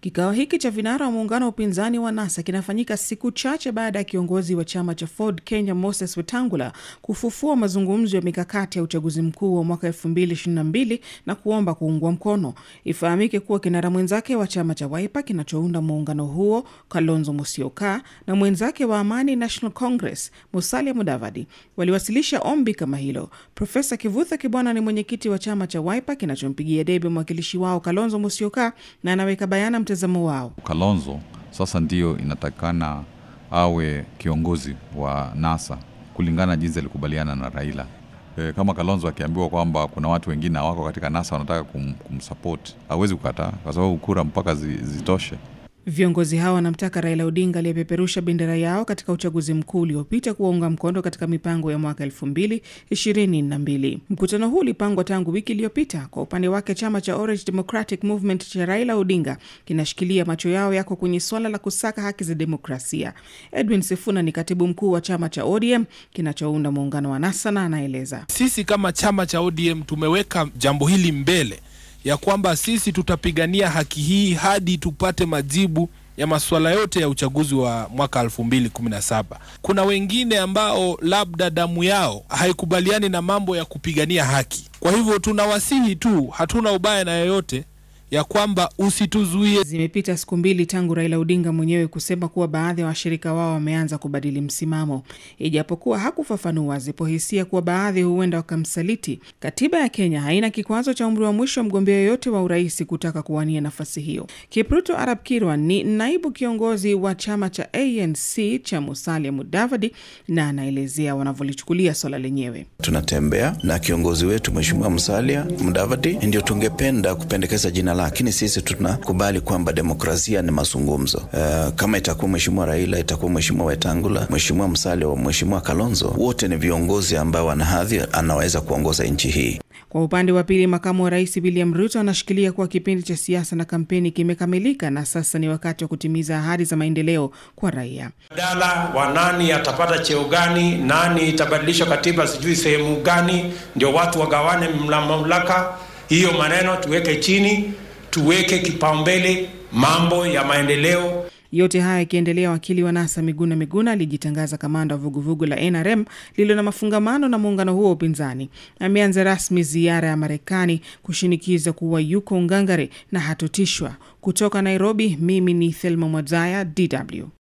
Kikao hiki cha vinara wa muungano wa upinzani wa NASA kinafanyika siku chache baada ya kiongozi wa chama cha Ford Kenya Moses Wetangula kufufua mazungumzo ya mikakati ya uchaguzi mkuu wa mwaka 2022 na kuomba kuungwa mkono. Ifahamike kuwa kinara mwenzake wa chama cha Wiper kinachounda muungano huo Kalonzo Musyoka na mwenzake wa Amani National Congress Musalia Mudavadi waliwasilisha ombi kama hilo. Profesa Kivutha Kibwana ni mwenyekiti wa chama cha Wiper kinachompigia debe mwakilishi wao Kalonzo Musyoka na anaweka bayana mtazamo wao. Kalonzo sasa ndiyo inatakikana awe kiongozi wa NASA kulingana jinsi alikubaliana na Raila. E, kama Kalonzo akiambiwa kwamba kuna watu wengine hawako katika NASA wanataka kum, kumsupport hawezi kukataa, kwa sababu kura mpaka zitoshe. Viongozi hao wanamtaka Raila Odinga aliyepeperusha bendera yao katika uchaguzi mkuu uliopita kuwaunga mkono katika mipango ya mwaka elfu mbili ishirini na mbili. Mkutano huu ulipangwa tangu wiki iliyopita. Kwa upande wake, chama cha Orange Democratic Movement cha Raila Odinga kinashikilia macho yao yako kwenye swala la kusaka haki za demokrasia. Edwin Sifuna ni katibu mkuu wa chama cha ODM kinachounda muungano wa NASA na anaeleza, sisi kama chama cha ODM tumeweka jambo hili mbele ya kwamba sisi tutapigania haki hii hadi tupate majibu ya masuala yote ya uchaguzi wa mwaka 2017. Kuna wengine ambao labda damu yao haikubaliani na mambo ya kupigania haki. Kwa hivyo tunawasihi tu, hatuna ubaya na yoyote ya kwamba usituzuie. Zimepita siku mbili tangu Raila Odinga mwenyewe kusema kuwa baadhi ya wa washirika wao wameanza kubadili msimamo, ijapokuwa hakufafanua zipo hisia kuwa baadhi huenda wakamsaliti. Katiba ya Kenya haina kikwazo cha umri wa mwisho wa mgombea yoyote wa urais kutaka kuwania nafasi hiyo. Kipruto Arab Kirwa ni naibu kiongozi wa chama cha ANC cha Musalia Mudavadi, na anaelezea wanavyolichukulia swala lenyewe. Tunatembea na kiongozi wetu Mheshimiwa Musalia Mudavadi, ndio tungependa kupendekeza jina lakini sisi tunakubali kwamba demokrasia ni mazungumzo. Uh, kama itakuwa mheshimiwa Raila, itakuwa mheshimiwa Wetangula, mheshimiwa wa mheshimiwa Kalonzo, wote ni viongozi ambao wana hadhi, anaweza kuongoza nchi hii. Kwa upande wa pili, makamu wa rais William Ruto anashikilia kuwa kipindi cha siasa na kampeni kimekamilika na sasa ni wakati wa kutimiza ahadi za maendeleo kwa raia. Badala wa nani atapata cheo gani, nani itabadilishwa katiba, sijui sehemu gani, ndio watu wagawane mamlaka. Hiyo maneno tuweke chini tuweke kipaumbele mambo ya maendeleo. Yote haya yakiendelea, wakili wa NASA Miguna Miguna alijitangaza kamanda wa vuguvugu la NRM lililo na mafungamano na muungano huo wa upinzani. Ameanza rasmi ziara ya Marekani kushinikiza kuwa yuko ngangari na hatotishwa. Kutoka Nairobi, mimi ni Thelma Mwadzaya, DW.